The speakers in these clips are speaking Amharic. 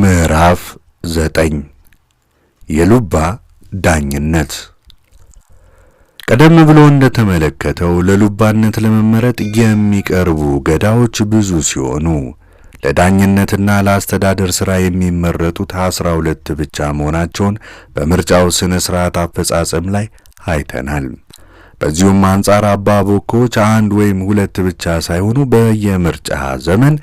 ምዕራፍ ዘጠኝ የሉባ ዳኝነት። ቀደም ብሎ እንደተመለከተው ለሉባነት ለመመረጥ የሚቀርቡ ገዳዎች ብዙ ሲሆኑ ለዳኝነትና ለአስተዳደር ሥራ የሚመረጡት አስራ ሁለት ብቻ መሆናቸውን በምርጫው ሥነ ሥርዓት አፈጻጸም ላይ አይተናል። በዚሁም አንጻር አባ አንድ ወይም ሁለት ብቻ ሳይሆኑ በየምርጫ ዘመን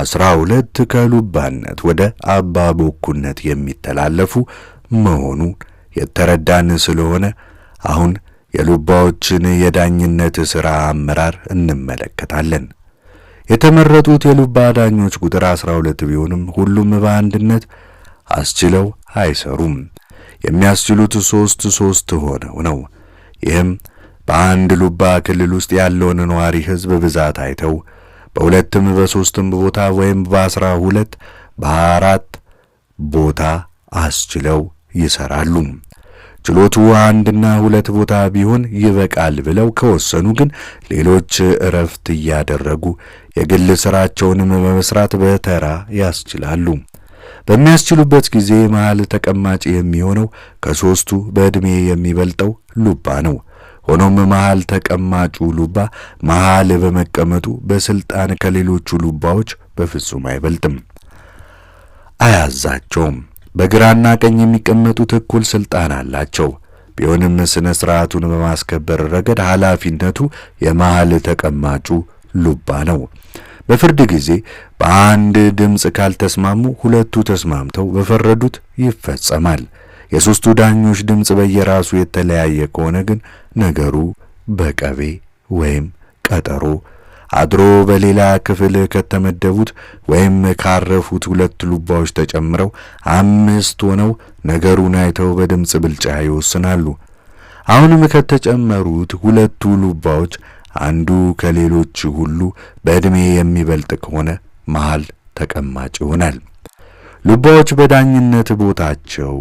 አስራ ሁለት ከሉባነት ወደ አባ ቦኩነት የሚተላለፉ መሆኑን የተረዳን ስለሆነ አሁን የሉባዎችን የዳኝነት ሥራ አመራር እንመለከታለን። የተመረጡት የሉባ ዳኞች ቁጥር ሁለት ቢሆንም ሁሉም በአንድነት አስችለው አይሰሩም። የሚያስችሉት ሶስት ሶስት ሆነው ነው። ይህም በአንድ ሉባ ክልል ውስጥ ያለውን ነዋሪ ሕዝብ ብዛት አይተው በሁለትም በሦስትም ቦታ ወይም በአስራ ሁለት በአራት ቦታ አስችለው ይሰራሉ። ችሎቱ አንድና ሁለት ቦታ ቢሆን ይበቃል ብለው ከወሰኑ ግን ሌሎች እረፍት እያደረጉ የግል ሥራቸውንም በመሥራት በተራ ያስችላሉ። በሚያስችሉበት ጊዜ መሃል ተቀማጭ የሚሆነው ከሦስቱ በዕድሜ የሚበልጠው ሉባ ነው። ሆኖም መሃል ተቀማጩ ሉባ መሃል በመቀመጡ በስልጣን ከሌሎቹ ሉባዎች በፍጹም አይበልጥም፣ አያዛቸውም። በግራና ቀኝ የሚቀመጡት እኩል ስልጣን አላቸው። ቢሆንም ስነ ስርዓቱን በማስከበር ረገድ ኃላፊነቱ የመሃል ተቀማጩ ሉባ ነው። በፍርድ ጊዜ በአንድ ድምፅ ካልተስማሙ ሁለቱ ተስማምተው በፈረዱት ይፈጸማል። የሦስቱ ዳኞች ድምፅ በየራሱ የተለያየ ከሆነ ግን ነገሩ በቀቤ ወይም ቀጠሮ አድሮ በሌላ ክፍል ከተመደቡት ወይም ካረፉት ሁለት ሉባዎች ተጨምረው አምስት ሆነው ነገሩን አይተው በድምፅ ብልጫ ይወስናሉ። አሁንም ከተጨመሩት ሁለቱ ሉባዎች አንዱ ከሌሎች ሁሉ በዕድሜ የሚበልጥ ከሆነ መሃል ተቀማጭ ይሆናል። ሉባዎች በዳኝነት ቦታቸው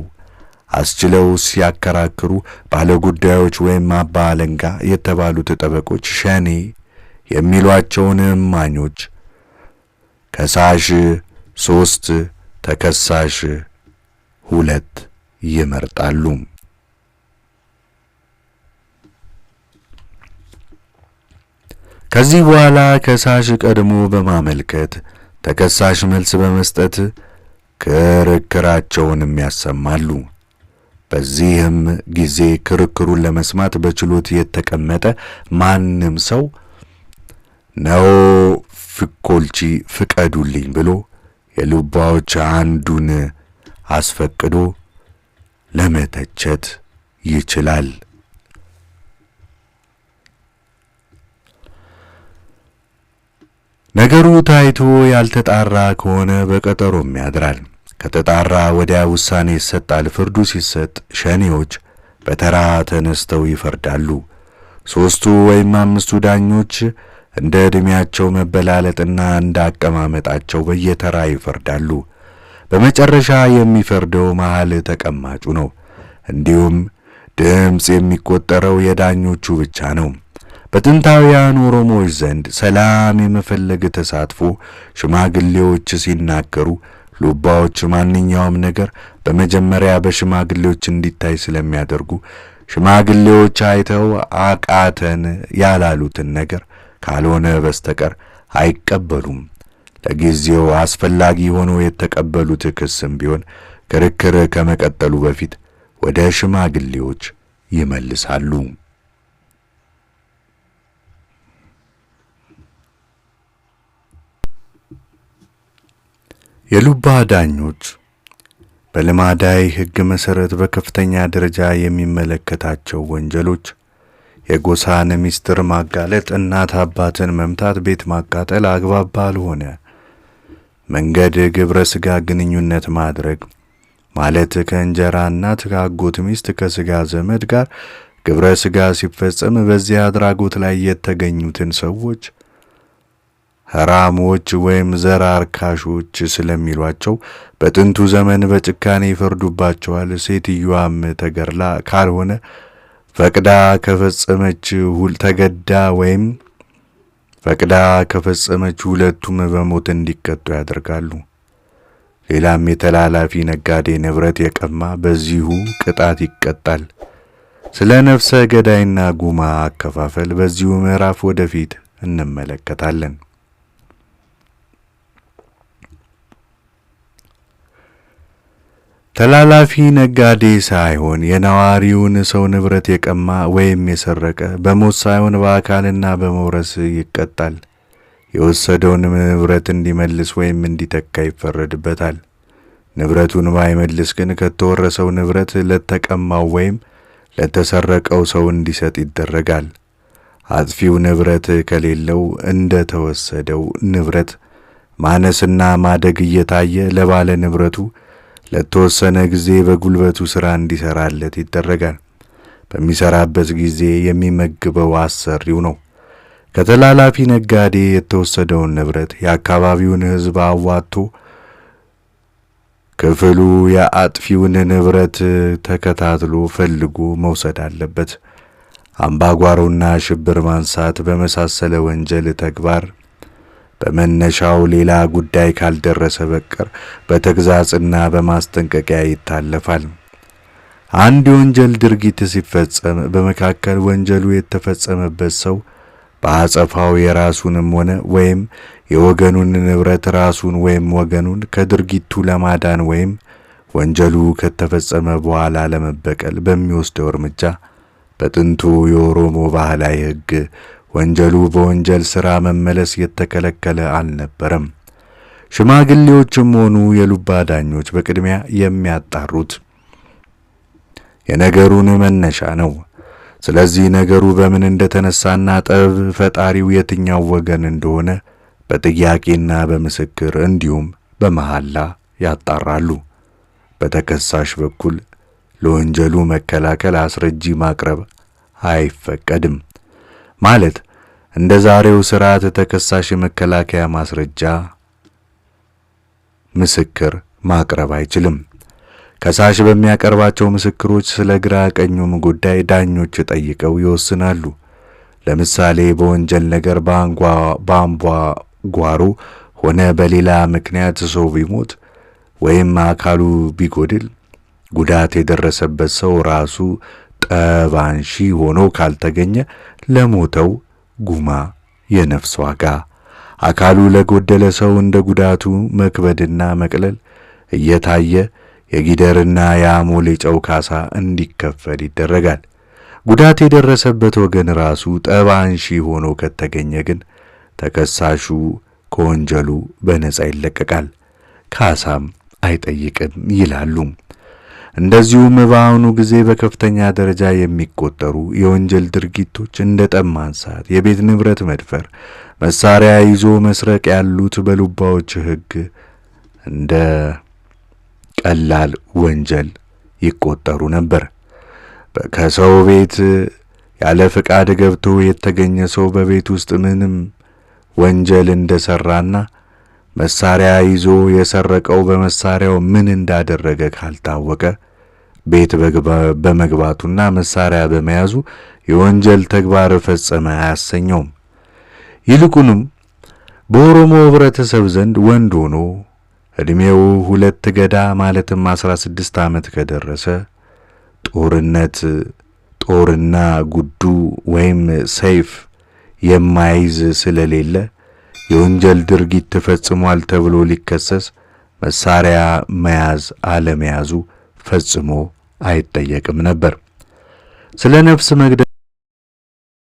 አስችለው ሲያከራክሩ ባለ ጉዳዮች ወይም አባ አለንጋ የተባሉት ጠበቆች ሸኔ የሚሏቸውን እማኞች ከሳሽ ሶስት ተከሳሽ ሁለት ይመርጣሉ። ከዚህ በኋላ ከሳሽ ቀድሞ በማመልከት ተከሳሽ መልስ በመስጠት ክርክራቸውንም ያሰማሉ። በዚህም ጊዜ ክርክሩን ለመስማት በችሎት የተቀመጠ ማንም ሰው ነው ፍኮልቺ ፍቀዱልኝ ብሎ የልባዎች አንዱን አስፈቅዶ ለመተቸት ይችላል። ነገሩ ታይቶ ያልተጣራ ከሆነ በቀጠሮም ያድራል። ከተጣራ ወዲያ ውሳኔ ይሰጣል። ፍርዱ ሲሰጥ ሸኔዎች በተራ ተነስተው ይፈርዳሉ። ሦስቱ ወይም አምስቱ ዳኞች እንደ ዕድሜያቸው መበላለጥና እንደ አቀማመጣቸው በየተራ ይፈርዳሉ። በመጨረሻ የሚፈርደው መሃል ተቀማጩ ነው። እንዲሁም ድምፅ የሚቆጠረው የዳኞቹ ብቻ ነው። በጥንታውያን ኦሮሞዎች ዘንድ ሰላም የመፈለግ ተሳትፎ ሽማግሌዎች ሲናገሩ ሉባዎች ማንኛውም ነገር በመጀመሪያ በሽማግሌዎች እንዲታይ ስለሚያደርጉ ሽማግሌዎች አይተው አቃተን ያላሉትን ነገር ካልሆነ በስተቀር አይቀበሉም። ለጊዜው አስፈላጊ ሆኖ የተቀበሉት ክስም ቢሆን ክርክር ከመቀጠሉ በፊት ወደ ሽማግሌዎች ይመልሳሉ። የሉባ ዳኞች በልማዳዊ ሕግ መሠረት በከፍተኛ ደረጃ የሚመለከታቸው ወንጀሎች የጎሳን ሚስጥር ማጋለጥ፣ እናት አባትን መምታት፣ ቤት ማቃጠል፣ አግባብ ባልሆነ መንገድ ግብረ ሥጋ ግንኙነት ማድረግ ማለት ከእንጀራ እናት፣ ከአጎት ሚስት፣ ከሥጋ ዘመድ ጋር ግብረ ሥጋ ሲፈጸም በዚያ አድራጎት ላይ የተገኙትን ሰዎች ሐራሞች ወይም ዘር አርካሾች ስለሚሏቸው በጥንቱ ዘመን በጭካኔ ይፈርዱባቸዋል። ሴትዮዋም ተገርላ ካልሆነ ፈቅዳ ከፈጸመች ተገዳ ወይም ፈቅዳ ከፈጸመች ሁለቱም በሞት እንዲቀጡ ያደርጋሉ። ሌላም የተላላፊ ነጋዴ ንብረት የቀማ በዚሁ ቅጣት ይቀጣል። ስለ ነፍሰ ገዳይና ጉማ አከፋፈል በዚሁ ምዕራፍ ወደፊት እንመለከታለን። ተላላፊ ነጋዴ ሳይሆን የነዋሪውን ሰው ንብረት የቀማ ወይም የሰረቀ በሞት ሳይሆን በአካልና በመውረስ ይቀጣል። የወሰደውን ንብረት እንዲመልስ ወይም እንዲተካ ይፈረድበታል። ንብረቱን ባይመልስ ግን ከተወረሰው ንብረት ለተቀማው ወይም ለተሰረቀው ሰው እንዲሰጥ ይደረጋል። አጥፊው ንብረት ከሌለው እንደ ተወሰደው ንብረት ማነስና ማደግ እየታየ ለባለ ንብረቱ ለተወሰነ ጊዜ በጉልበቱ ሥራ እንዲሠራለት ይደረጋል። በሚሠራበት ጊዜ የሚመግበው አሰሪው ነው። ከተላላፊ ነጋዴ የተወሰደውን ንብረት የአካባቢውን ሕዝብ አዋጥቶ ክፍሉ የአጥፊውን ንብረት ተከታትሎ ፈልጎ መውሰድ አለበት። አምባጓሮና ሽብር ማንሳት በመሳሰለ ወንጀል ተግባር በመነሻው ሌላ ጉዳይ ካልደረሰ በቀር በተግዛጽና በማስጠንቀቂያ ይታለፋል። አንድ የወንጀል ድርጊት ሲፈጸም በመካከል ወንጀሉ የተፈጸመበት ሰው በአጸፋው የራሱንም ሆነ ወይም የወገኑን ንብረት ራሱን ወይም ወገኑን ከድርጊቱ ለማዳን ወይም ወንጀሉ ከተፈጸመ በኋላ ለመበቀል በሚወስደው እርምጃ በጥንቱ የኦሮሞ ባህላዊ ሕግ ወንጀሉ በወንጀል ሥራ መመለስ የተከለከለ አልነበረም። ሽማግሌዎችም ሆኑ የሉባ ዳኞች በቅድሚያ የሚያጣሩት የነገሩን መነሻ ነው። ስለዚህ ነገሩ በምን እንደተነሳና ጠብ ፈጣሪው የትኛው ወገን እንደሆነ በጥያቄና በምስክር እንዲሁም በመሐላ ያጣራሉ። በተከሳሽ በኩል ለወንጀሉ መከላከል አስረጂ ማቅረብ አይፈቀድም። ማለት እንደ ዛሬው ስርዓት ተከሳሽ የመከላከያ ማስረጃ ምስክር ማቅረብ አይችልም። ከሳሽ በሚያቀርባቸው ምስክሮች ስለ ግራ ቀኙም ጉዳይ ዳኞች ጠይቀው ይወስናሉ። ለምሳሌ በወንጀል ነገር በአንጓጓሩ ሆነ በሌላ ምክንያት ሰው ቢሞት ወይም አካሉ ቢጎድል ጉዳት የደረሰበት ሰው ራሱ ጠባንሺ ሆኖ ካልተገኘ ለሞተው ጉማ የነፍስ ዋጋ አካሉ ለጎደለ ሰው እንደ ጉዳቱ መክበድና መቅለል እየታየ የጊደርና የአሞሌ ጨው ካሳ እንዲከፈል ይደረጋል። ጉዳት የደረሰበት ወገን ራሱ ጠባንሺ ሆኖ ከተገኘ ግን ተከሳሹ ከወንጀሉ በነፃ ይለቀቃል፣ ካሳም አይጠይቅም ይላሉ። እንደዚሁም በአሁኑ ጊዜ በከፍተኛ ደረጃ የሚቆጠሩ የወንጀል ድርጊቶች እንደ ጠብ ማንሳት፣ የቤት ንብረት መድፈር፣ መሳሪያ ይዞ መስረቅ ያሉት በሉባዎች ሕግ እንደ ቀላል ወንጀል ይቆጠሩ ነበር። ከሰው ቤት ያለ ፍቃድ ገብቶ የተገኘ ሰው በቤት ውስጥ ምንም ወንጀል እንደሰራና መሳሪያ ይዞ የሰረቀው በመሳሪያው ምን እንዳደረገ ካልታወቀ ቤት በመግባቱና መሳሪያ በመያዙ የወንጀል ተግባር ፈጸመ አያሰኘውም። ይልቁንም በኦሮሞ ህብረተሰብ ዘንድ ወንድ ሆኖ ዕድሜው ሁለት ገዳ ማለትም 16 ዓመት ከደረሰ ጦርነት ጦርና ጉዱ ወይም ሰይፍ የማይዝ ስለሌለ የወንጀል ድርጊት ተፈጽሟል ተብሎ ሊከሰስ መሳሪያ መያዝ አለመያዙ ፈጽሞ አይጠየቅም ነበር። ስለ ነፍስ መግደል